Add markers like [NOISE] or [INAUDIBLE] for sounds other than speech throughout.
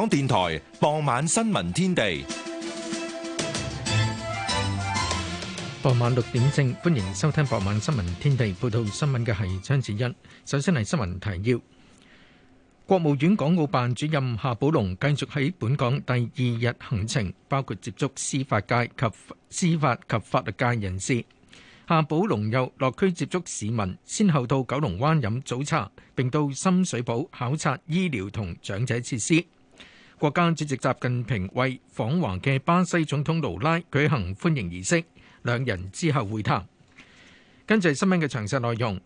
港電台傍晚新聞天地，傍晚六點正歡迎收聽。傍晚新聞天地報道新聞嘅係張子欣。首先係新聞提要：國務院港澳辦主任夏寶龍繼續喺本港第二日行程，包括接觸司法界及司法及法律界人士。夏寶龍又落區接觸市民，先後到九龍灣飲早茶，並到深水埗考察醫療同長者設施。國家主席習近平為訪華嘅巴西總統盧拉舉行歡迎儀式，兩人之後會談。跟住，新聞嘅詳細內容。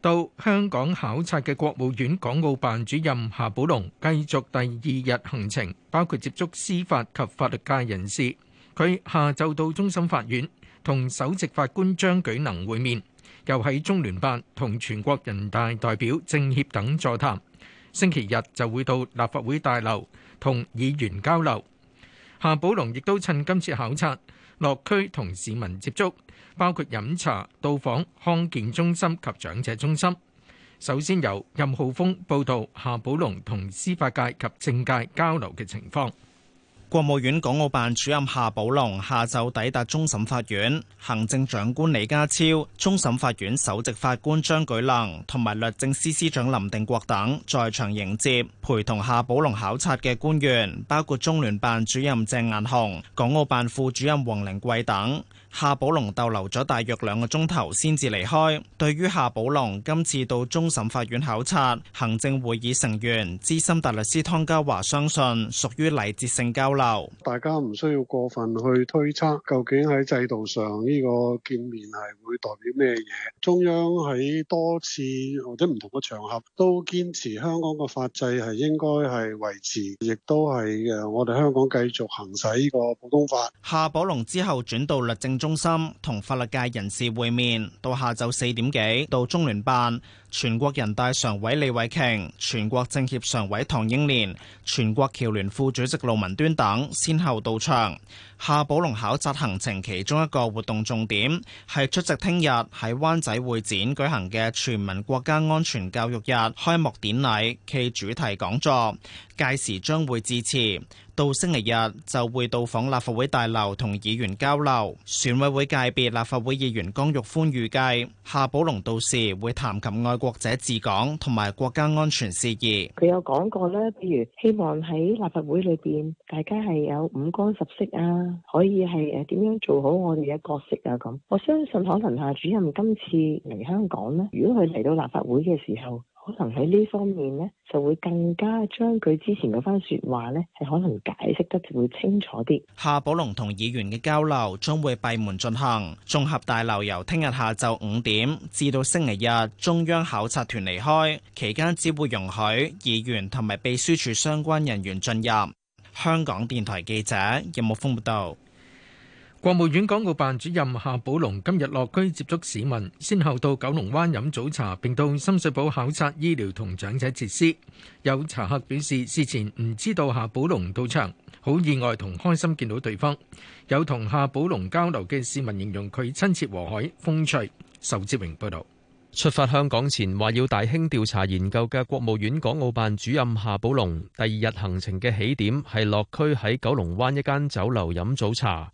到香港考察嘅國務院港澳辦主任夏寶龍繼續第二日行程，包括接觸司法及法律界人士。佢下晝到終審法院同首席法官張舉能會面，又喺中聯辦同全國人大代表、政協等座談。星期日就會到立法會大樓，同議員交流，夏寶龍亦都趁今次考察落區同市民接觸，包括飲茶、到訪康健中心及長者中心。首先由任浩峰報道夏寶龍同司法界及政界交流嘅情況。國務院港澳辦主任夏寶龍下晝抵達終審法院，行政長官李家超、終審法院首席法官張舉能同埋律政司司長林定國等在場迎接，陪同夏寶龍考察嘅官員包括中聯辦主任鄭雁雄、港澳辦副主任王靈桂等。夏寶龍逗留咗大約兩個鐘頭，先至離開。對於夏寶龍今次到終審法院考察，行政會議成員、資深大律師湯家驊相信屬於禮節性交流。大家唔需要過分去推測，究竟喺制度上呢個見面係會代表咩嘢？中央喺多次或者唔同嘅場合都堅持香港嘅法制係應該係維持，亦都係誒我哋香港繼續行使呢個普通法。夏寶龍之後轉到律政中心同法律界人士會面，到下晝四點幾到中聯辦，全國人大常委李慧瓊、全國政協常委唐英年、全國僑聯副主席盧文端等先後到場。夏寶龍考察行程其中一個活動重點係出席聽日喺灣仔會展舉行嘅全民國家安全教育日開幕典禮暨主題講座，屆時將會致辭。到星期日就會到訪立法會大樓同議員交流。選委會界別立法會議員江玉歡預計夏寶龍到時會談及愛國者治港同埋國家安全事宜。佢有講過咧，譬如希望喺立法會裏邊大家係有五光十色啊，可以係誒點樣做好我哋嘅角色啊咁。我相信可能夏主任今次嚟香港咧，如果佢嚟到立法會嘅時候，可能喺呢方面咧，就會更加將佢之前嗰番說話咧，係可能解釋得會清楚啲。夏寶龍同議員嘅交流將會閉門進行，綜合大樓由聽日下晝五點至到星期日中央考察團離開期間，只會容許議員同埋秘書處相關人員進入。香港電台記者任木峰報道。有國務院港澳辦主任夏寶龍今日落區接觸市民，先後到九龍灣飲早茶，並到深水埗考察醫療同長者設施。有茶客表示，事前唔知道夏寶龍到場，好意外同開心見到對方。有同夏寶龍交流嘅市民形容佢親切和藹、風趣。仇志榮報道。出發香港前話要大興調查研究嘅國務院港澳辦主任夏寶龍，第二日行程嘅起點係落區喺九龍灣一間酒樓飲早茶。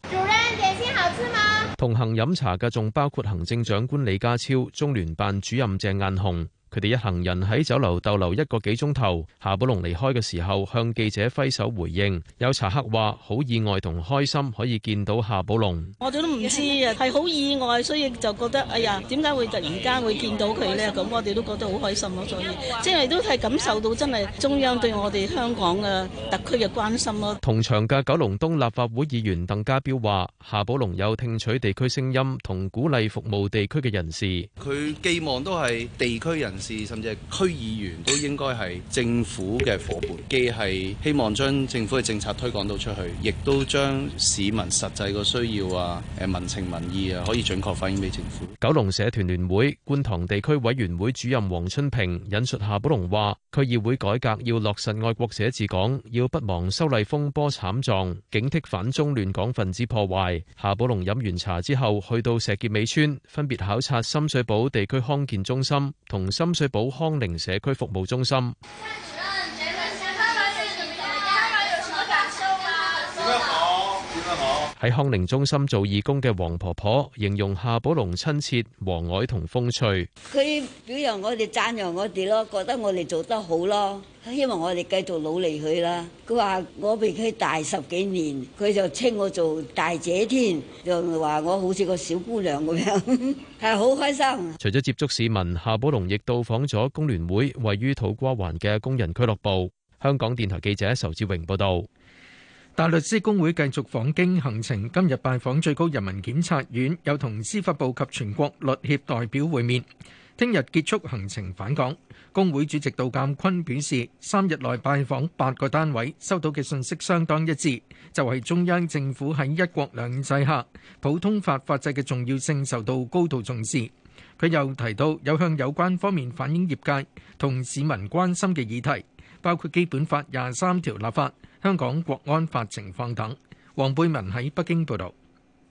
同行飲茶嘅仲包括行政長官李家超、中聯辦主任鄭雁雄。佢哋一行人喺酒樓逗留一個幾鐘頭，夏寶龍離開嘅時候向記者揮手回應。有茶客話：好意外同開心可以見到夏寶龍。我哋都唔知啊，係好意外，所以就覺得哎呀，點解會突然間會見到佢咧？咁我哋都覺得好開心咯。所以即係都係感受到真係中央對我哋香港嘅特區嘅關心咯。同場嘅九龍東立法會議員鄧家彪話：夏寶龍有聽取地區聲音同鼓勵服務地區嘅人士。佢寄望都係地區人。甚至係區議員都應該係政府嘅夥伴，既係希望將政府嘅政策推廣到出去，亦都將市民實際嘅需要啊、誒民情民意啊，可以準確反映俾政府。九龍社團聯會觀塘地區委員會主任黃春平引述夏寶龍話：區議會改革要落實愛國者治港，要不忘修例風波慘狀，警惕反中亂港分子破壞。夏寶龍飲完茶之後，去到石硤尾村，分別考察深水埗地區康健中心同深水埗康寧社區服務中心。喺康寧中心做義工嘅黃婆婆形容夏寶龍親切、和藹同風趣。佢表揚我哋，讚揚我哋咯，覺得我哋做得好咯，希望我哋繼續努力去啦。佢話我比佢大十幾年，佢就稱我做大姐添，就話我好似個小姑娘咁樣，係 [LAUGHS] 好開心。除咗接觸市民，夏寶龍亦到訪咗工聯會位於土瓜灣嘅工人俱樂部。香港電台記者仇志榮報道。大律師公會繼續訪京行程，今日拜訪最高人民檢察院，又同司法部及全國律協代表會面。聽日結束行程返港。公會主席杜鑑坤表示，三日內拜訪八個單位，收到嘅信息相當一致，就係中央政府喺一國兩制下普通法法制嘅重要性受到高度重視。佢又提到，有向有關方面反映業界同市民關心嘅議題，包括基本法廿三條立法。香港國安法情況等。黃貝文喺北京報道。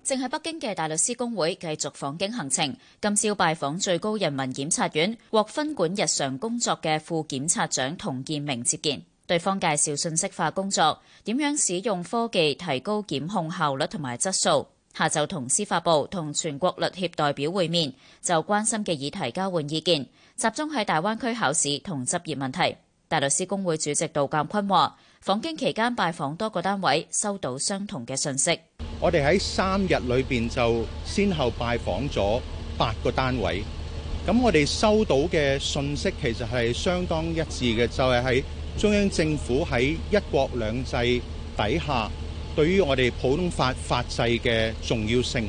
正喺北京嘅大律師公會繼續訪京行程，今朝拜訪最高人民檢察院，獲分管日常工作嘅副檢察長童建明接見。對方介紹信息化工作點樣使用科技提高檢控效率同埋質素。下晝同司法部同全國律協代表會面，就關心嘅議題交換意見，集中喺大灣區考試同執業問題。大律師公會主席杜淦堃話。訪京期間拜訪多個單位，收到相同嘅信息。我哋喺三日裏邊就先後拜訪咗八個單位，咁我哋收到嘅信息其實係相當一致嘅，就係、是、喺中央政府喺一國兩制底下，對於我哋普通法法制嘅重要性，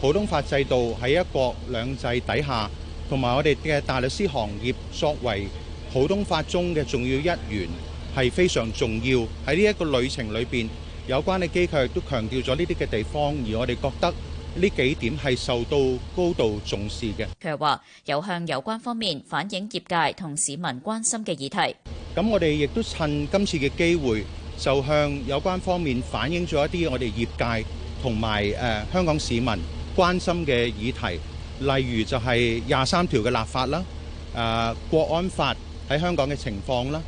普通法制度喺一國兩制底下，同埋我哋嘅大律師行業作為普通法中嘅重要一員。係非常重要，喺呢一個旅程裏邊，有關嘅機構亦都強調咗呢啲嘅地方，而我哋覺得呢幾點係受到高度重視嘅。佢又話有向有關方面反映業界同市民關心嘅議題。咁我哋亦都趁今次嘅機會，就向有關方面反映咗一啲我哋業界同埋誒香港市民關心嘅議題，例如就係廿三條嘅立法啦，誒國安法喺香港嘅情況啦。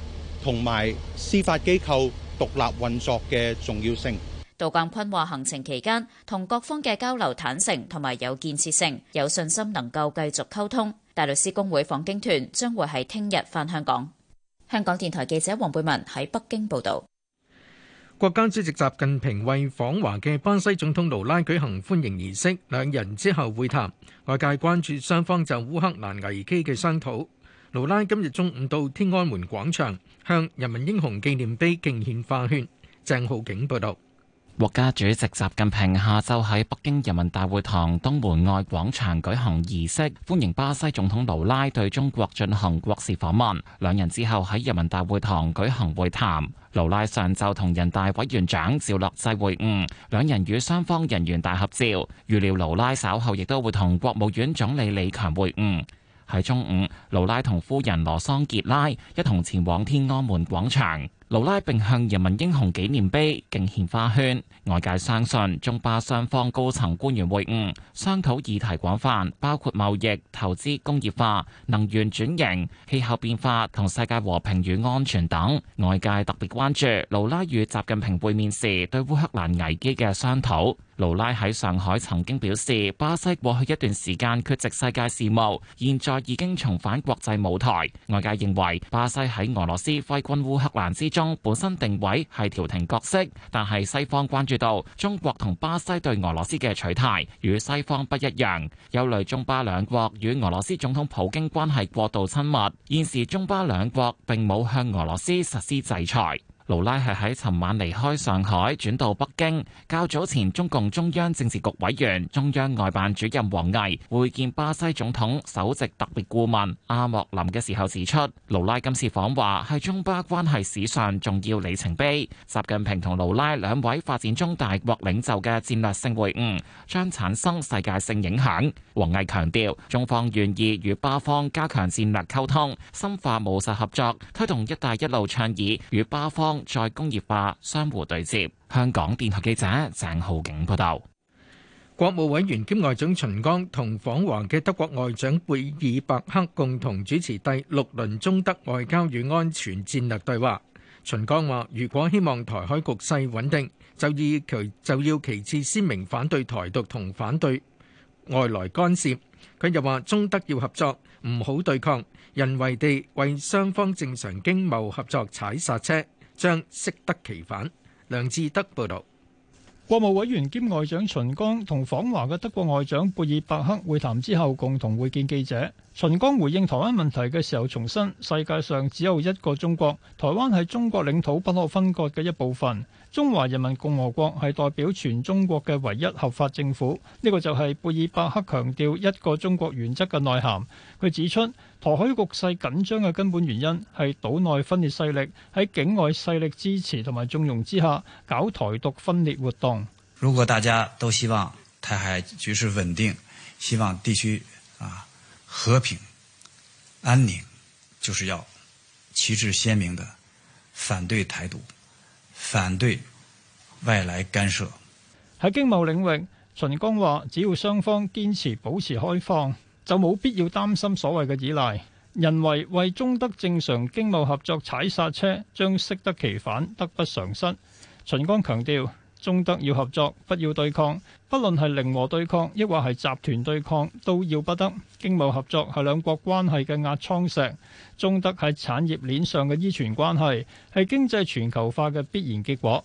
同埋司法機構獨立運作嘅重要性。杜淦坤話：行程期間同各方嘅交流坦誠，同埋有建設性，有信心能夠繼續溝通。大律師公會訪京團將會喺聽日返香港。香港電台記者黃貝文喺北京報導。國家主席習近平為訪華嘅巴西總統盧拉舉行歡迎儀式，兩人之後會談。外界關注雙方就烏克蘭危機嘅商討。盧拉今日中午到天安門廣場向人民英雄紀念碑敬獻花圈。鄭浩景報道。國家主席習近平下晝喺北京人民大會堂東門外廣場舉行儀式，歡迎巴西總統盧拉對中國進行國事訪問。兩人之後喺人民大會堂舉行會談。盧拉上晝同人大委員長趙樂際會晤，兩人與雙方人員大合照。預料盧拉稍後亦都會同國務院總理李強會晤。喺中午，盧拉同夫人羅桑傑拉一同前往天安門廣場，盧拉並向人民英雄紀念碑敬獻花圈。外界相信中巴雙方高層官員會晤，商討議題廣泛，包括貿易、投資、工業化、能源轉型、氣候變化同世界和平與安全等。外界特別關注盧拉與習近平會面時對烏克蘭危機嘅商討。盧拉喺上海曾經表示，巴西過去一段時間缺席世界事務，現在已經重返國際舞台。外界認為，巴西喺俄羅斯揮軍烏克蘭之中，本身定位係調停角色，但係西方關注到中國同巴西對俄羅斯嘅取態與西方不一樣，憂慮中巴兩國與俄羅斯總統普京關係過度親密。現時中巴兩國並冇向俄羅斯實施制裁。盧拉係喺尋晚離開上海，轉到北京。較早前，中共中央政治局委員、中央外辦主任王毅會見巴西總統首席特別顧問阿莫林嘅時候指出，盧拉今次訪華係中巴關係史上重要里程碑。習近平同盧拉兩位發展中大國領袖嘅戰略性會晤，將產生世界性影響。王毅強調，中方願意與巴方加強戰略溝通，深化務實合作，推動「一帶一路」倡議與巴方。再工業化相互對接。香港電台記者鄭浩景報道，國務委員兼外長秦剛同訪華嘅德國外長貝爾伯克共同主持第六輪中德外交與安全戰略對話。秦剛話，如果希望台海局勢穩定，就以就就要旗幟鮮明反對台獨同反對外來干涉。佢又話，中德要合作，唔好對抗，人為地為雙方正常經貿合作踩剎車，將適得其反。梁志德報道，國務委員兼外長秦剛同訪華嘅德國外長貝爾伯克會談之後，共同會見記者。秦剛回應台灣問題嘅時候，重申世界上只有一個中國，台灣係中國領土不可分割嘅一部分。中華人民共和國係代表全中國嘅唯一合法政府，呢、這個就係貝爾伯克強調一個中國原則嘅內涵。佢指出，台海局勢緊張嘅根本原因係島內分裂勢力喺境外勢力支持同埋縱容之下搞台獨分裂活動。如果大家都希望台海局勢穩定，希望地區啊和平、安寧，就是要旗幟鮮明地反對台獨，反對外來干涉。喺經貿領域，秦剛話：只要雙方堅持保持開放，就冇必要擔心所謂嘅依賴。人為為中德正常經貿合作踩剎車，將適得其反，得不償失。秦剛強調：中德要合作，不要對抗。不論係零和對抗，抑或係集團對抗，都要不得。經貿合作係兩國關係嘅壓艙石，中德喺產業鏈上嘅依存關係係經濟全球化嘅必然結果。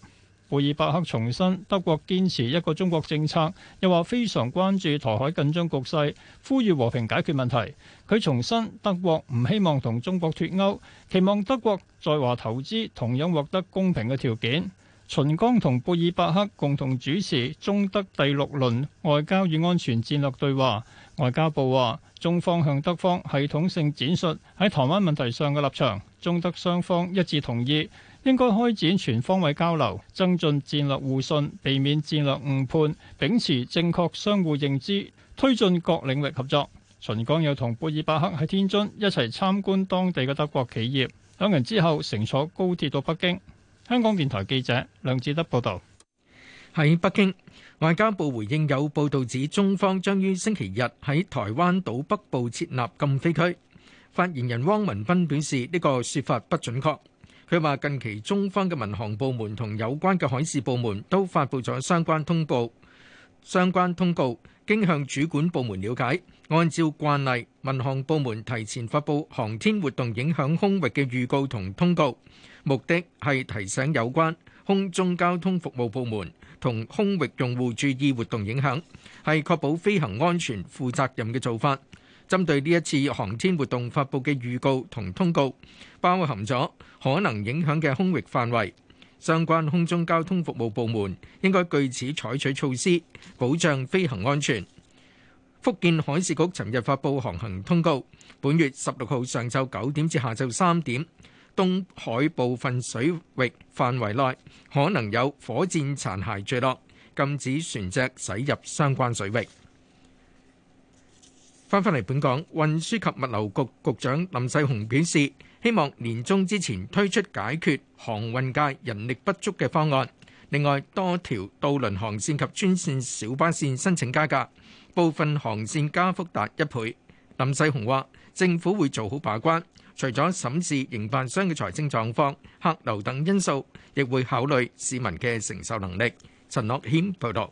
貝爾伯克重申德國堅持一個中國政策，又話非常關注台海緊張局勢，呼籲和平解決問題。佢重申德國唔希望同中國脫鉤，期望德國在華投資同樣獲得公平嘅條件。秦剛同貝爾伯克共同主持中德第六輪外交與安全戰略對話。外交部話，中方向德方系統性展述喺台灣問題上嘅立場，中德雙方一致同意應該開展全方位交流，增進戰略互信，避免戰略誤判，秉持正確相互認知，推進各領域合作。秦剛又同貝爾伯克喺天津一齊參觀當地嘅德國企業，兩人之後乘坐高鐵到北京。香港電台記者梁志德報道，喺北京外交部，回應有報道指中方將於星期日喺台灣島北部設立禁飛區，發言人汪文斌表示呢個說法不準確。佢話近期中方嘅民航部門同有關嘅海事部門都發佈咗相關通報。相關通告經向主管部門了解，按照慣例，民航部門提前發佈航天活動影響空域嘅預告同通告，目的係提醒有關空中交通服務部門同空域用戶注意活動影響，係確保飛行安全負責任嘅做法。針對呢一次航天活動發佈嘅預告同通告，包含咗可能影響嘅空域範圍。相關空中交通服務部門應該據此採取措施，保障飛行安全。福建海事局尋日發布航行通告，本月十六號上晝九點至下晝三點，東海部分水域範圍內可能有火箭殘骸墜落，禁止船隻駛入相關水域。翻返嚟本港，運輸及物流局局長林世雄表示，希望年中之前推出解決航運界人力不足嘅方案。另外，多條渡輪航線及專線小巴線申請加價，部分航線加幅達一倍。林世雄話：政府會做好把關，除咗審視營辦商嘅財政狀況、客流等因素，亦會考慮市民嘅承受能力。陳樂謙報道。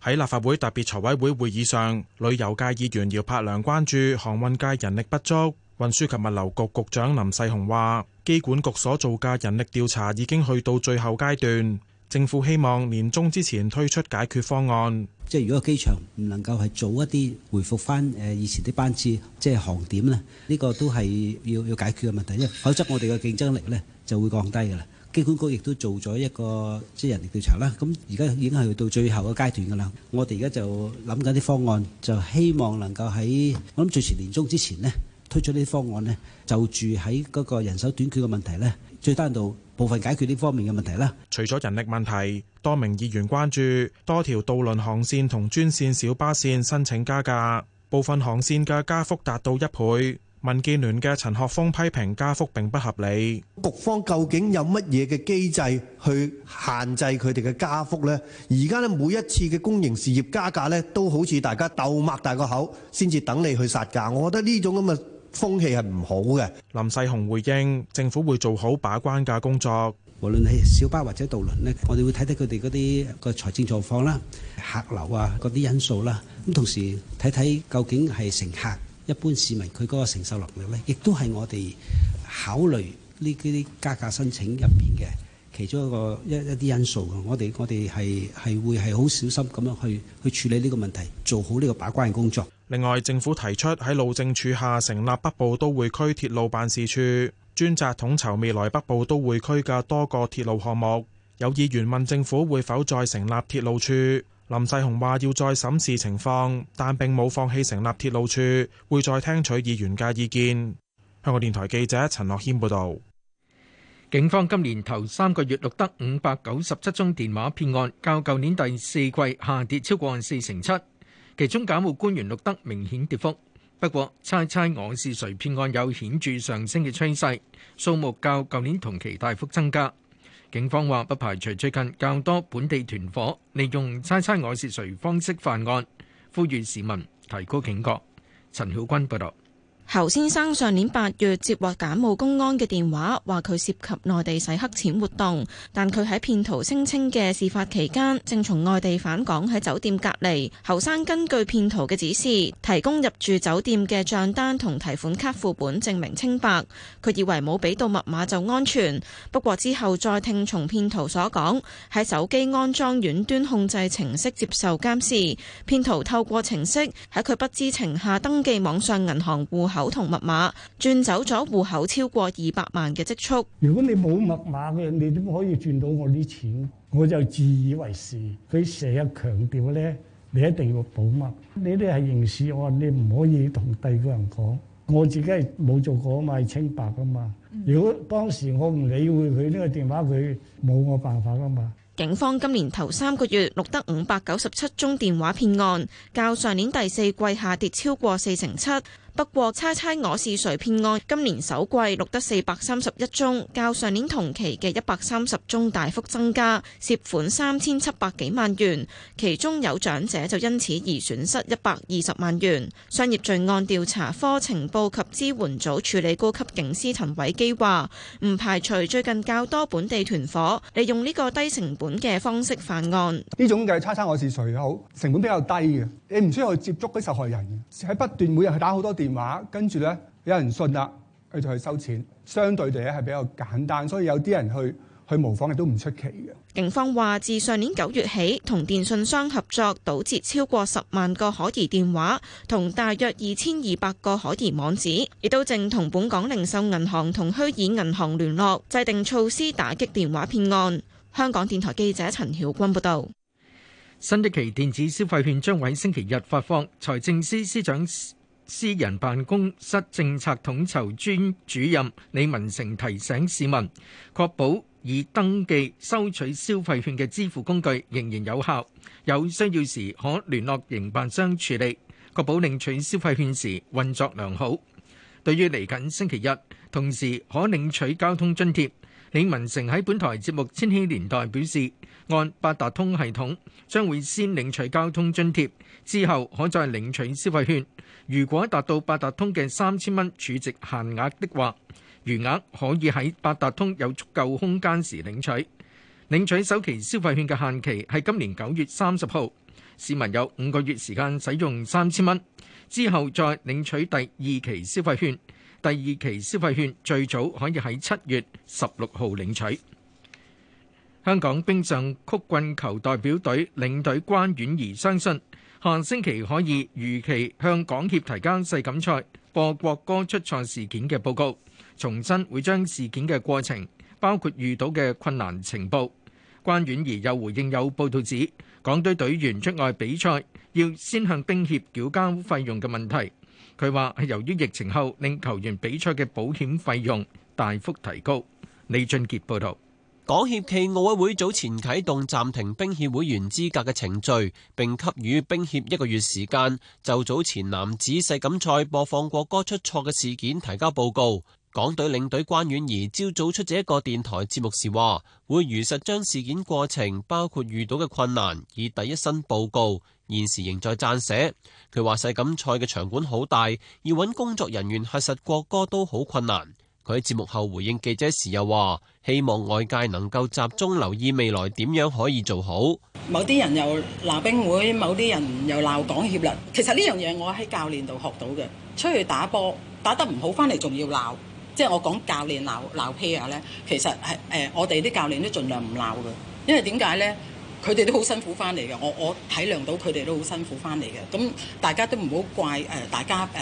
喺立法會特別財委會會議上，旅遊界議員姚柏良關注航運界人力不足。運輸及物流局局長林世雄話，機管局所做嘅人力調查已經去到最後階段，政府希望年中之前推出解決方案。即係如果機場唔能夠係早一啲回復翻，誒以前啲班次，即係航點呢，呢個都係要要解決嘅問題，因為否則我哋嘅競爭力呢就會降低噶啦機管局亦都做咗一個即係人力調查啦，咁而家已經係去到最後嘅階段噶啦我哋而家就諗緊啲方案，就希望能夠喺我諗最遲年中之前呢。推出呢啲方案呢，就住喺嗰個人手短缺嘅問題呢，最單到部分解決呢方面嘅問題啦。除咗人力問題，多名議員關注多條渡輪航線同專線小巴線申請加價，部分航線嘅加幅達到一倍。民建聯嘅陳學鋒批評加幅並不合理。局方究竟有乜嘢嘅機制去限制佢哋嘅加幅呢？而家呢每一次嘅公營事業加價呢，都好似大家鬥擘大個口先至等你去殺價。我覺得呢種咁嘅風氣係唔好嘅。林世雄回應：政府會做好把關嘅工作。無論係小巴或者渡輪呢，我哋會睇睇佢哋嗰啲個財政狀況啦、客流啊嗰啲因素啦。咁同時睇睇究竟係乘客一般市民佢嗰個承受能力呢，亦都係我哋考慮呢啲加價申請入面嘅其中一個一一啲因素嘅。我哋我哋係係會係好小心咁樣去去處理呢個問題，做好呢個把關嘅工作。另外，政府提出喺路政署下成立北部都會區鐵路辦事處，專責統籌未來北部都會區嘅多個鐵路項目。有議員問政府會否再成立鐵路處，林世雄話要再審視情況，但並冇放棄成立鐵路處，會再聽取議員嘅意見。香港電台記者陳樂謙報道。警方今年頭三個月錄得五百九十七宗電話騙案，較舊年第四季下跌超過四成七。其中，假冒官員錄得明顯跌幅。不過，猜猜我是誰騙案有顯著上升嘅趨勢，數目較舊年同期大幅增加。警方話，不排除最近較多本地團伙利用猜猜我是誰方式犯案，呼籲市民提高警覺。陳曉君報道。侯先生上年八月接獲假冒公安嘅電話，話佢涉及內地洗黑錢活動，但佢喺騙徒聲稱嘅事發期間正從外地返港喺酒店隔離。侯生根據騙徒嘅指示，提供入住酒店嘅賬單同提款卡副本證明清白。佢以為冇俾到密碼就安全，不過之後再聽從騙徒所講，喺手機安裝遠端控制程式接受監視。騙徒透過程式喺佢不知情下登記網上銀行戶口口同密碼，轉走咗戶口超過二百萬嘅積蓄。如果你冇密碼嘅，你點可以轉到我啲錢？我就自以為是。佢成日強調咧，你一定要保密。呢啲係刑事案，你唔可以同第二個人講。我自己係冇做過啊嘛，係清白啊嘛。如果當時我唔理會佢呢個電話，佢冇我辦法噶嘛。警方今年頭三個月錄得五百九十七宗電話騙案，較上年第四季下跌超過四成七。不過，猜猜我是誰騙案今年首季錄得四百三十一宗，較上年同期嘅一百三十宗大幅增加，涉款三千七百幾萬元，其中有長者就因此而損失一百二十萬元。商業罪案調查科情報及支援組處理高級警司陳偉基話：唔排除最近較多本地團伙利用呢個低成本嘅方式犯案，呢種嘅猜猜我是誰又好，成本比較低嘅，你唔需要去接觸啲受害人，喺不斷每日去打好多電電跟住咧，有人信啦，佢就去收錢。相對地咧，係比較簡單，所以有啲人去去模仿亦都唔出奇嘅。警方話，自上年九月起，同電訊商合作，堵截超過十萬個可疑電話，同大約二千二百個可疑網址，亦都正同本港零售銀行同虛擬銀行聯絡，制定措施，打擊電話騙案。香港電台記者陳曉君報導。新一期電子消費券將喺星期日發放。財政司司長私人辦公室政策統籌專主任李文成提醒市民，確保已登記收取消費券嘅支付工具仍然有效，有需要時可聯絡營辦商處理，確保領取消費券時運作良好。對於嚟緊星期日，同時可領取交通津貼，李文成喺本台節目《千禧年代》表示。按八達通系統，將會先領取交通津貼，之後可再領取消費券。如果達到八達通嘅三千蚊儲值限額的話，餘額可以喺八達通有足夠空間時領取。領取首期消費券嘅限期係今年九月三十號，市民有五個月時間使用三千蚊，之後再領取第二期消費券。第二期消費券最早可以喺七月十六號領取。香港冰上曲棍球代表隊領隊關婉儀相信下星期可以如期向港協提交世錦賽播國歌出賽事件嘅報告，重申會將事件嘅過程，包括遇到嘅困難情報。關婉儀又回應有報道指港隊隊員出外比賽要先向冰協繳交費用嘅問題，佢話係由於疫情後令球員比賽嘅保險費用大幅提高。李俊傑報道。港協暨奧委會早前啟動暫停冰協會員資格嘅程序，並給予冰協一個月時間就早前男子世錦賽播放國歌出錯嘅事件提交報告。港隊領隊關婉儀朝早出席一個電台節目時話，會如實將事件過程，包括遇到嘅困難以第一身報告，現時仍在撰寫。佢話世錦賽嘅場館好大，要揾工作人員核實國歌都好困難。佢喺節目後回應記者時又話：希望外界能夠集中留意未來點樣可以做好。某啲人又鬧冰會，某啲人又鬧港協啦。其實呢樣嘢我喺教練度學到嘅。出去打波打得唔好，翻嚟仲要鬧。即係我講教練鬧鬧 pair 咧，其實係誒我哋啲教練都盡量唔鬧嘅，因為點解咧？佢哋都好辛苦翻嚟嘅。我我體諒到佢哋都好辛苦翻嚟嘅。咁大家都唔好怪誒大家誒。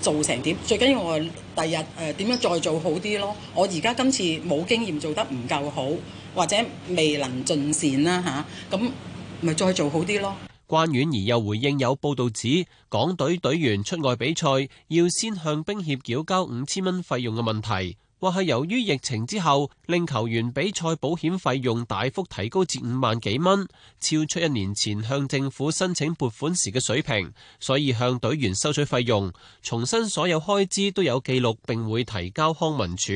做成點？最緊要我第日誒點、呃、樣再做好啲咯。我而家今次冇經驗做得唔夠好，或者未能盡善啦吓，咁、啊、咪、嗯、再做好啲咯。關婉兒又回應有報道指港隊隊員出外比賽要先向冰協繳交五千蚊費用嘅問題。或係由於疫情之後，令球員比賽保險費用大幅提高至五萬幾蚊，超出一年前向政府申請撥款時嘅水平，所以向隊員收取費用。重申所有開支都有記錄，並會提交康文署。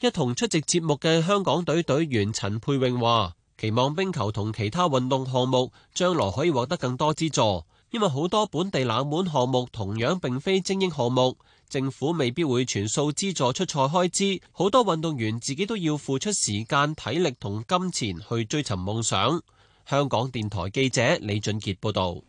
一同出席節目嘅香港隊隊員陳佩詠話：期望冰球同其他運動項目將來可以獲得更多資助，因為好多本地冷門項目同樣並非精英項目。政府未必會全數資助出賽開支，好多運動員自己都要付出時間、體力同金錢去追尋夢想。香港電台記者李俊杰報道。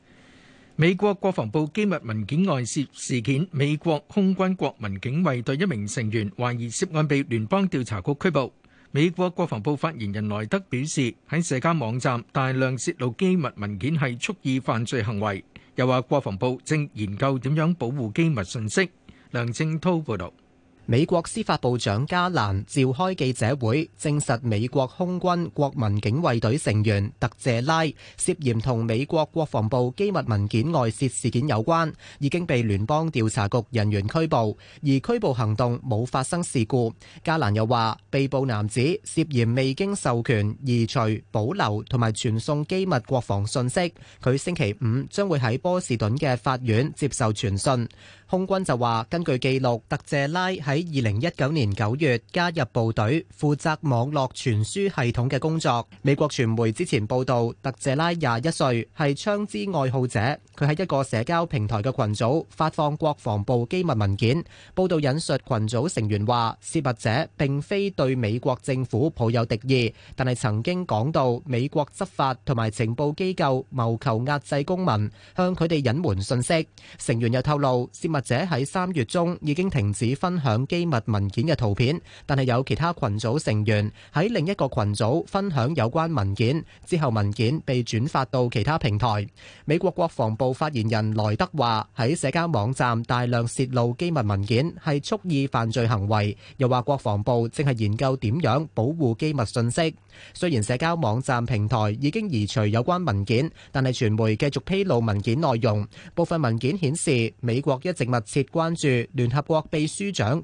美國國防部機密文件外泄事件，美國空軍國民警衛隊一名成員懷疑涉案，被聯邦調查局拘捕。美國國防部發言人萊德表示，喺社交網站大量泄露機密文件係蓄意犯罪行為，又話國防部正研究點樣保護機密信息。梁正濤報道。美國司法部長加蘭召開記者會證實，美國空軍國民警衛隊成員特謝拉涉嫌同美國國防部機密文件外洩事件有關，已經被聯邦調查局人員拘捕，而拘捕行動冇發生事故。加蘭又話被捕男子涉嫌未經授權移除保留、同埋傳送機密國防訊息，佢星期五將會喺波士頓嘅法院接受傳訊。空軍就話根據記錄，特謝拉係喺二零一九年九月加入部隊，負責網絡傳輸系統嘅工作。美國傳媒之前報道，特謝拉廿一歲，係槍支愛好者。佢喺一個社交平台嘅群組發放國防部機密文件。報道引述群組成員話，泄密者並非對美國政府抱有敵意，但係曾經講到美國執法同埋情報機構謀求壓制公民，向佢哋隱瞞信息。成員又透露，泄密者喺三月中已經停止分享。機密文件嘅圖片，但係有其他群組成員喺另一個群組分享有關文件，之後文件被轉發到其他平台。美國國防部發言人萊德話：喺社交網站大量泄露機密文件係蓄意犯罪行為，又話國防部正係研究點樣保護機密信息。雖然社交網站平台已經移除有關文件，但係傳媒繼續披露文件內容。部分文件顯示，美國一直密切關注聯合國秘書長。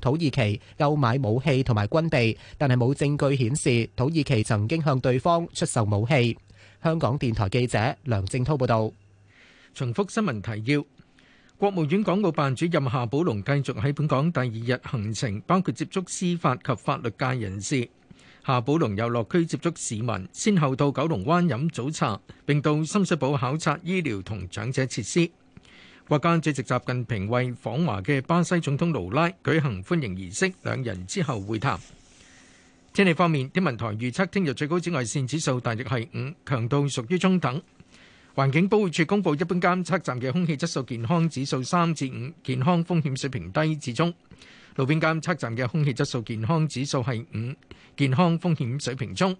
土耳其購買武器同埋軍備，但係冇證據顯示土耳其曾經向對方出售武器。香港電台記者梁正滔報導。重複新聞提要。國務院港澳辦主任夏寶龍繼續喺本港第二日行程，包括接觸司法及法律界人士。夏寶龍又落區接觸市民，先後到九龍灣飲早茶，並到深水埗考察醫療同長者設施。國家主席習近平為訪華嘅巴西總統盧拉舉行歡迎儀式，兩人之後會談。天氣方面，天文台預測聽日最高紫外線指數大約係五，強度屬於中等。環境保護署公布一般監測站嘅空氣質素健康指數三至五，健康風險水平低至中。路邊監測站嘅空氣質素健康指數係五，健康風險水平中。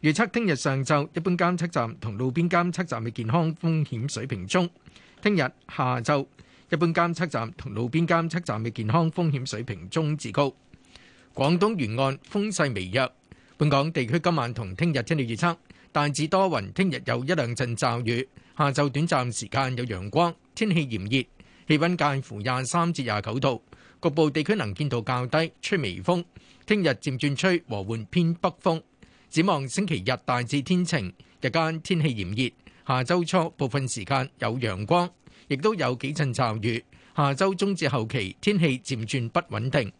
預測聽日上晝一般監測站同路邊監測站嘅健康風險水平中。聽日下晝，一般監測站同路邊監測站嘅健康風險水平中至高。廣東沿岸風勢微弱。本港地區今晚同聽日天氣預測大致多雲，聽日有一兩陣驟雨，下晝短暫時間有陽光，天氣炎熱，氣溫介乎廿三至廿九度，局部地區能見度較低，吹微風。聽日漸轉吹和緩偏北風。展望星期日大致天晴，日間天氣炎熱。下周初部分時間有陽光，亦都有幾陣驟雨。下周中至後期天氣漸轉不穩定。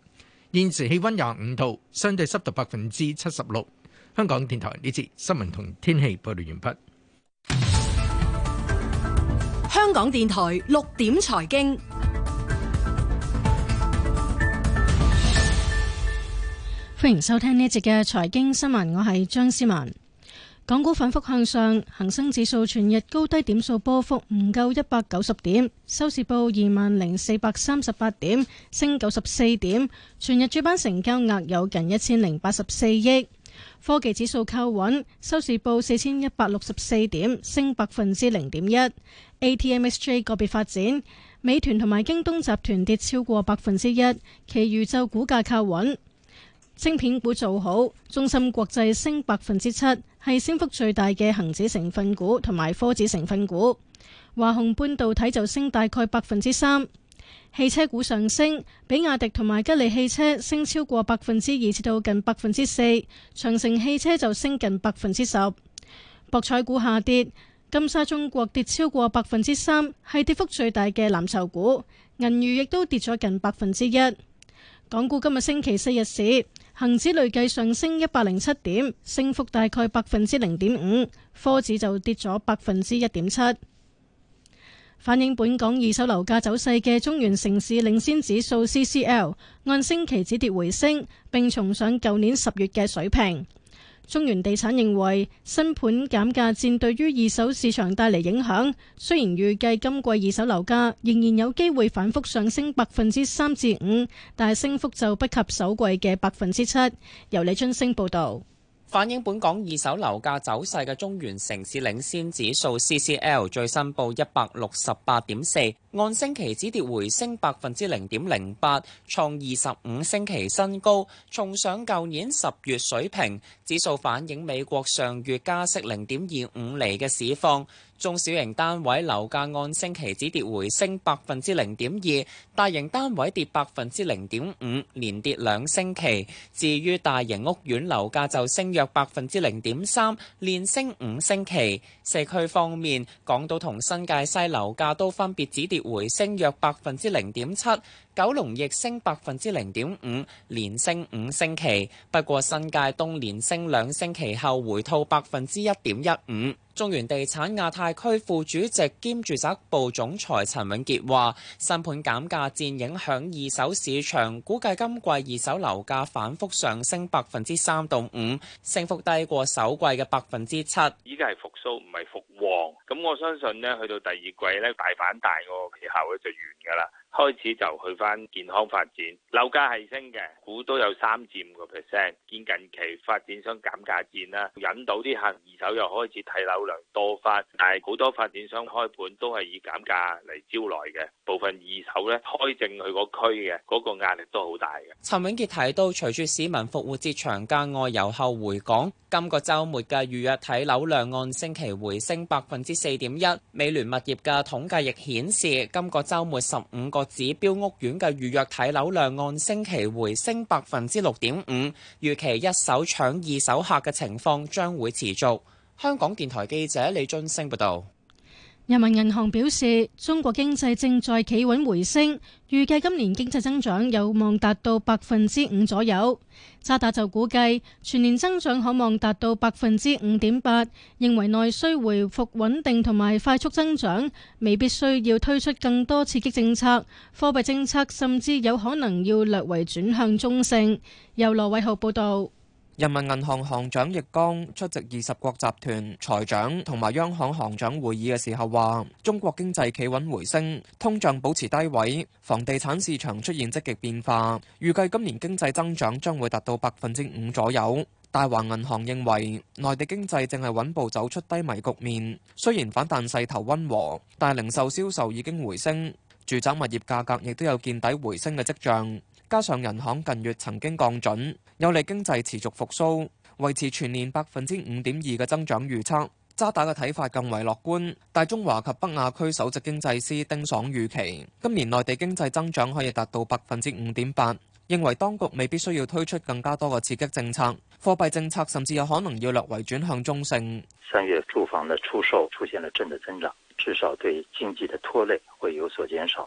現時氣溫廿五度，相對濕度百分之七十六。香港電台呢節新聞同天氣報道完畢。香港電台六點財經，歡迎收聽呢節嘅財經新聞，我係張思文。港股反復向上，恒生指數全日高低點數波幅唔夠一百九十點，收市報二萬零四百三十八點，升九十四點。全日主板成交額有近一千零八十四億。科技指數靠穩，收市報四千一百六十四點，升百分之零點一。A T M X J 個別發展，美團同埋京東集團跌超過百分之一，其餘就股價靠穩。晶片股做好，中芯國際升百分之七。係升幅最大嘅恒指成分股同埋科指成分股，華虹半導體就升大概百分之三。汽車股上升，比亞迪同埋吉利汽車升超過百分之二，至到近百分之四。長城汽車就升近百分之十。博彩股下跌，金沙中國跌超過百分之三，係跌幅最大嘅藍籌股。銀娛亦都跌咗近百分之一。港股今日星期四日市。恒指累計上升一百零七點，升幅大概百分之零點五；科指就跌咗百分之一點七。反映本港二手樓價走勢嘅中原城市領先指數 （CCL） 按星期止跌回升，並重上舊年十月嘅水平。中原地產認為，新盤減價戰對於二手市場帶嚟影響，雖然預計今季二手樓價仍然有機會反覆上升百分之三至五，但係升幅就不及首季嘅百分之七。由李春星報道。反映本港二手樓價走勢嘅中原城市領先指數 CCL 最新報一百六十八點四，按星期止跌回升百分之零點零八，創二十五星期新高，重上舊年十月水平。指數反映美國上月加息零點二五厘嘅市況。中小型單位樓價按星期止跌回升百分之零點二，大型單位跌百分之零點五，連跌兩星期。至於大型屋苑樓價就升約百分之零點三，連升五星期。社區方面，港島同新界西樓價都分別止跌回升約百分之零點七，九龍亦升百分之零點五，連升五星期。不過新界東連升兩星期後回吐百分之一點一五。中原地產亞太區副主席兼住宅部總裁陳永傑話，新盤減價戰影響二手市場，估計今季二手樓價反覆上升百分之三到五，升幅低過首季嘅百分之七。依家係復蘇，唔係復旺。咁我相信呢，去到第二季咧，大反大個期效咧就完噶啦。開始就去返健康發展，樓價係升嘅，股都有三至五個 percent，見近期發展商減價戰啦，引到啲客二手又開始睇樓量多返，但係好多發展商開盤都係以減價嚟招來嘅。部分二手呢開正去個區嘅，嗰個壓力都好大嘅。陳永傑提到，隨住市民復活節長假外遊後回港，今個週末嘅預約睇樓量按星期回升百分之四點一。美聯物業嘅統計亦顯示，今個週末十五個個指標屋苑嘅預約睇樓量按星期回升百分之六點五，預期一手搶二手客嘅情況將會持續。香港電台記者李俊升報道。人民銀行表示，中國經濟正在企穩回升，預計今年經濟增長有望達到百分之五左右。渣打就估計，全年增長可望達到百分之五點八，認為內需回復穩定同埋快速增長，未必需要推出更多刺激政策，貨幣政策甚至有可能要略為轉向中性。由羅偉浩報道。人民銀行行長易綱出席二十國集團財長同埋央行行長會議嘅時候話，中國經濟企穩回升，通脹保持低位，房地產市場出現積極變化，預計今年經濟增長將會達到百分之五左右。大華銀行認為，內地經濟正係穩步走出低迷局面，雖然反彈勢頭溫和，但零售銷售銷售已經回升，住宅物業價格亦都有見底回升嘅跡象。加上銀行近月曾經降準，有利經濟持續復甦，維持全年百分之五點二嘅增長預測。渣打嘅睇法更為樂觀，大中華及北亞區首席經濟師丁爽預期今年內地經濟增長可以達到百分之五點八，認為當局未必需要推出更加多嘅刺激政策，貨幣政策甚至有可能要略為轉向中性。三月住房嘅出售出現了正嘅增長，至少對經濟嘅拖累會有所減少。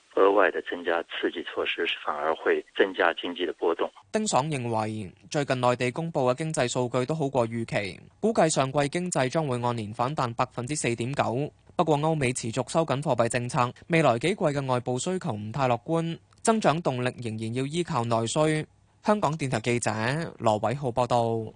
額外嘅增加刺激措施，反而會增加經濟嘅波動。丁爽認為，最近內地公布嘅經濟數據都好過預期，估計上季經濟將會按年反彈百分之四點九。不過，歐美持續收緊貨幣政策，未來幾季嘅外部需求唔太樂觀，增長動力仍然要依靠內需。香港電台記者羅偉浩報道。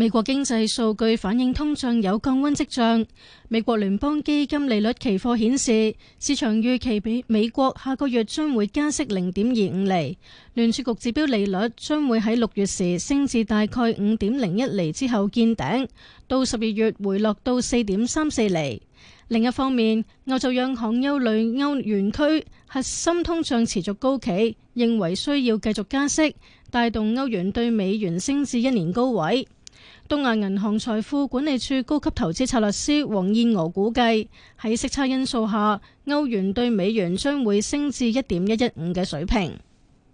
美國經濟數據反映通脹有降温跡象。美國聯邦基金利率期貨顯示，市場預期比美國下個月將會加息零點二五厘。聯儲局指標利率將會喺六月時升至大概五點零一厘之後見頂，到十二月回落到四點三四厘。另一方面，歐洲央行憂慮歐元區核心通脹持續高企，認為需要繼續加息，帶動歐元對美元升至一年高位。東亞銀行財富管理處高級投資策略師黃燕娥估計，喺息差因素下，歐元兌美元將會升至一點一一五嘅水平。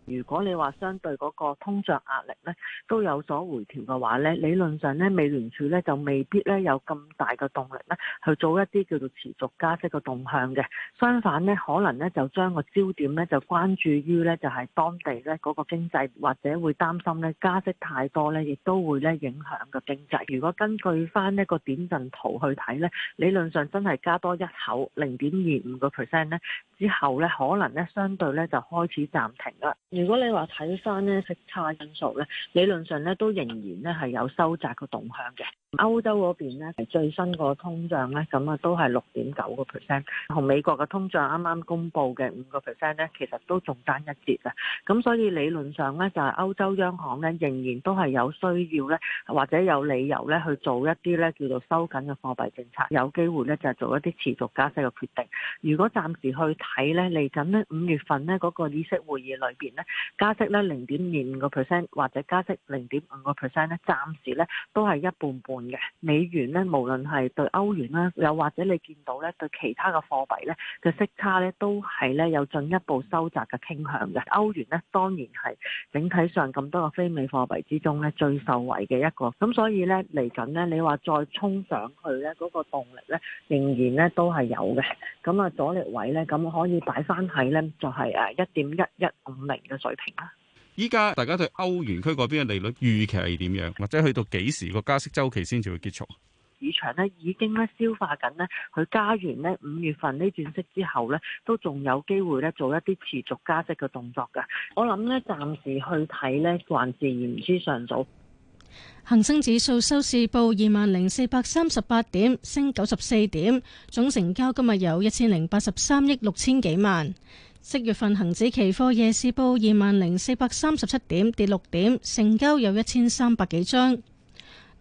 如果你話相對嗰個通脹壓力咧都有所回調嘅話咧，理論上咧，美聯儲咧就未必咧有咁大嘅動力咧去做一啲叫做持續加息嘅動向嘅。相反咧，可能咧就將個焦點咧就關注於咧就係當地咧嗰個經濟，或者會擔心咧加息太多咧，亦都會咧影響個經濟。如果根據返呢個點陣圖去睇咧，理論上真係加多一口零點二五個 percent 咧，之後咧可能咧相對咧就開始暫停啦。如果你話睇翻咧息差因素咧，理論上咧都仍然咧係有收窄個動向嘅。歐洲嗰邊咧最新個通脹咧，咁啊都係六點九個 percent，同美國嘅通脹啱啱公布嘅五個 percent 咧，其實都仲單一截啊！咁所以理論上咧，就係歐洲央行咧仍然都係有需要咧，或者有理由咧去做一啲咧叫做收緊嘅貨幣政策，有機會咧就係做一啲持續加息嘅決定。如果暫時去睇咧嚟緊咧五月份咧嗰個議息會議裏邊咧，加息咧零點二五個 percent 或者加息零點五個 percent 咧，暫時咧都係一半半。美元咧，無論係對歐元啦，又或者你見到咧對其他嘅貨幣咧嘅息差咧，都係咧有進一步收窄嘅傾向嘅。歐元咧，當然係整體上咁多個非美貨幣之中咧最受惠嘅一個。咁所以咧嚟緊咧，你話再衝上去咧，嗰個動力咧仍然咧都係有嘅。咁啊，阻力位咧，咁可以擺翻喺咧就係誒一點一一五零嘅水平啦。依家大家對歐元區嗰邊嘅利率預期係點樣？或者去到幾時個加息周期先至會結束？市場咧已經咧消化緊咧，佢加完咧五月份呢轉息之後咧，都仲有機會咧做一啲持續加息嘅動作㗎。我諗咧暫時去睇咧，還是言之尚早。恒生指數收市報二萬零四百三十八點，升九十四點，總成交今日有一千零八十三億六千幾萬。即月份恒指期貨夜市報二萬零四百三十七點跌六點，成交有一千三百幾張。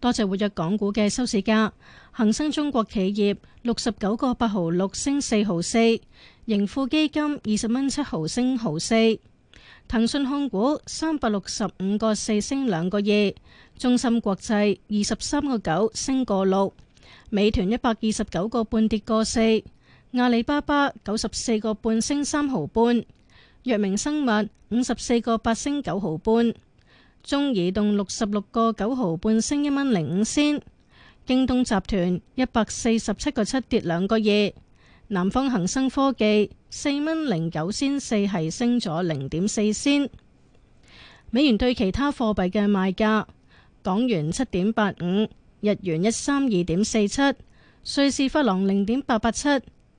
多謝活躍港股嘅收市價恒生中國企業六十九個八毫六升四毫四，盈富基金二十蚊七毫升毫四，騰訊控股三百六十五個四升兩個二，中芯國際二十三個九升個六，美團一百二十九個半跌個四。阿里巴巴九十四個半升三毫半，藥明生物五十四個八升九毫半，中移動六十六個九毫半升一蚊零五仙，京東集團一百四十七個七跌兩個二，南方恒生科技四蚊零九仙四係升咗零點四仙。美元對其他貨幣嘅賣價：港元七點八五，日元一三二點四七，瑞士法郎零點八八七。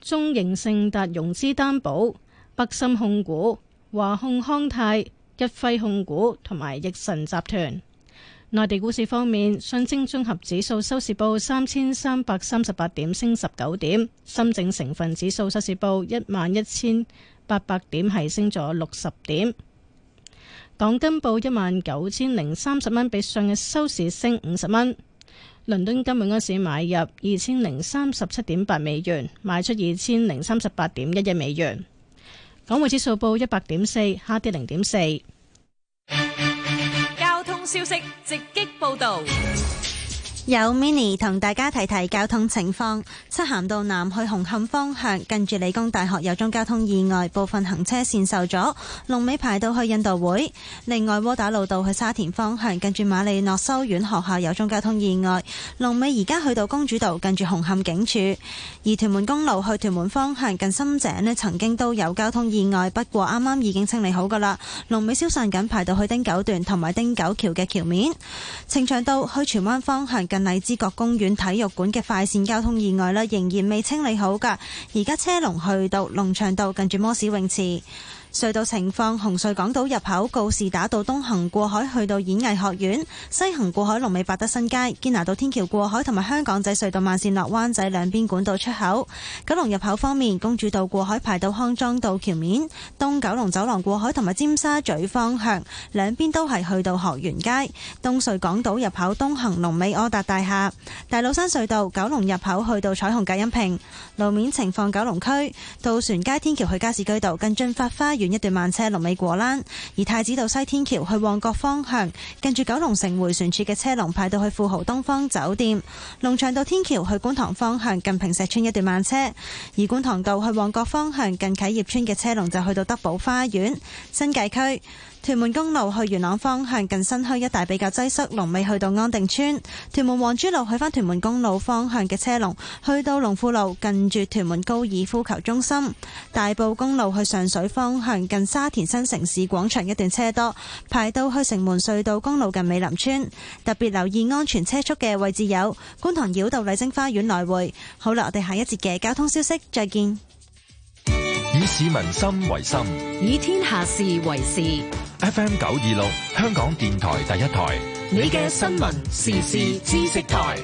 中盈盛達融資擔保、北深控股、華控康泰、一輝控股同埋益神集團。內地股市方面，上證綜合指數收市報三千三百三十八點，升十九點；深證成分指數收市報一萬一千八百點，係升咗六十點。港金報一萬九千零三十蚊，比上日收市升五十蚊。倫敦金本市買入二千零三十七點八美元，賣出二千零三十八點一美元。港匯指數報一百點四，下跌零點四。交通消息直擊報道。有 mini 同大家提提交通情況。漆咸道南去紅磡方向，近住理工大學有宗交通意外，部分行車線受阻，龍尾排到去印度會。另外，窩打老道去沙田方向，近住馬利諾修院學校有宗交通意外，龍尾而家去到公主道，近住紅磡警署。而屯門公路去屯門方向，近深井咧，曾經都有交通意外，不過啱啱已經清理好噶啦。龍尾消散緊，排到去汀九段同埋汀九橋嘅橋面。清長道去荃灣方向近荔枝角公園體育館嘅快線交通意外啦，仍然未清理好噶，而家車龍去到龍翔道，近住摩士泳池。隧道情況：紅隧港島入口告士打道東行過海去到演藝學院，西行過海龍尾百德新街；堅拿道天橋過海同埋香港仔隧道慢線，落灣仔兩邊管道出口。九龍入口方面，公主道過海排到康莊道橋面，東九龍走廊過海同埋尖沙咀方向兩邊都係去到學園街。東隧港島入口東行龍尾柯達大廈。大老山隧道九龍入口去到彩虹隔音屏。路面情況：九龍區渡船街天橋去加士居道近駿發花一段慢車龍尾果欄，而太子道西天橋去旺角方向，近住九龍城回旋處嘅車龍排到去富豪東方酒店；龍翔道天橋去觀塘方向，近坪石村一段慢車；而觀塘道去旺角方向，近啟業村嘅車龍就去到德寶花園新界區。屯門公路去元朗方向，近新墟一帶比較擠塞，龍尾去到安定村。屯門黃珠路去返屯門公路方向嘅車龍，去到龍富路，近住屯門高爾夫球中心。大埔公路去上水方向，近沙田新城市廣場一段車多，排到去城門隧道公路近美林村。特別留意安全車速嘅位置有觀塘繞道麗晶花園來回。好啦，我哋下一節嘅交通消息，再見。以市民心為心，以天下事為事。F M 九二六，26, 香港電台第一台，你嘅新聞時事知識台。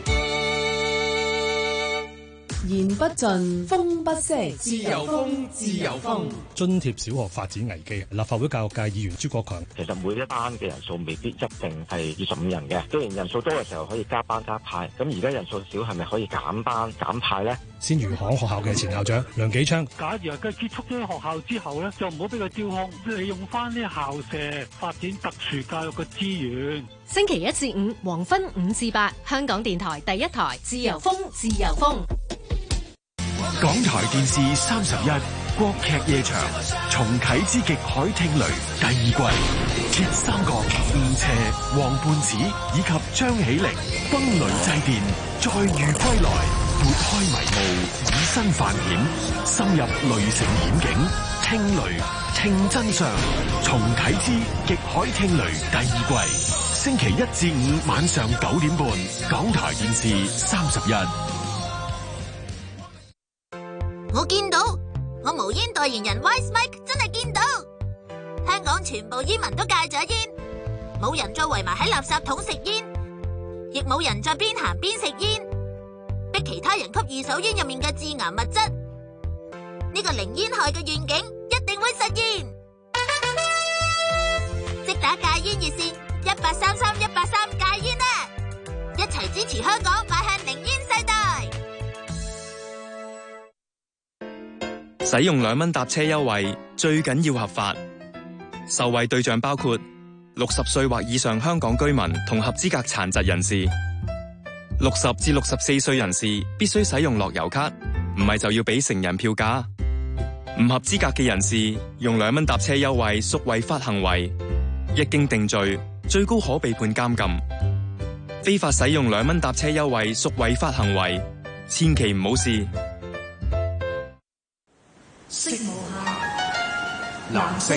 言不盡，風不息，自由風，自由風。津貼小學發展危機，立法會教育界議員朱國強。其實每一班嘅人數未必一定係二十五人嘅，雖然人數多嘅時候可以加班加派，咁而家人數少係咪可以減班減派咧？先鮮魚行學校嘅前校長梁紀昌，假如佢結束咗學校之後咧，就唔好俾佢丟空，利用翻呢校舍發展特殊教育嘅資源。星期一至五黃昏五至八，香港電台第一台自由風，自由風。港台電視三十一國劇夜場重啟之極海聽雷第二季，鐵三角吳邪、王胖子以及張起靈風雷祭電再遇歸來。撥開迷霧，以身犯險，深入雷城險境，聽雷，聽真相。重啟之極海聽雷第二季，星期一至五晚上九點半，港台電視三十一。我見到，我無煙代言人 Wise Mike 真係見到，香港全部煙民都戒咗煙，冇人再圍埋喺垃圾桶食煙，亦冇人再邊行邊食煙。喺其他人吸二手煙入面嘅致癌物質，呢個零煙害嘅願景一定會實現。即打戒煙熱線一八三三一八三戒煙啊！一齊支持香港邁向零煙世代。使用兩蚊搭車優惠最緊要合法，受惠對象包括六十歲或以上香港居民同合資格殘疾人士。六十至六十四歲人士必須使用樂悠咭，唔係就要俾成人票價。唔合資格嘅人士用兩蚊搭車優惠屬違法行為，一經定罪，最高可被判監禁。非法使用兩蚊搭車優惠屬違法行為，千祈唔好試。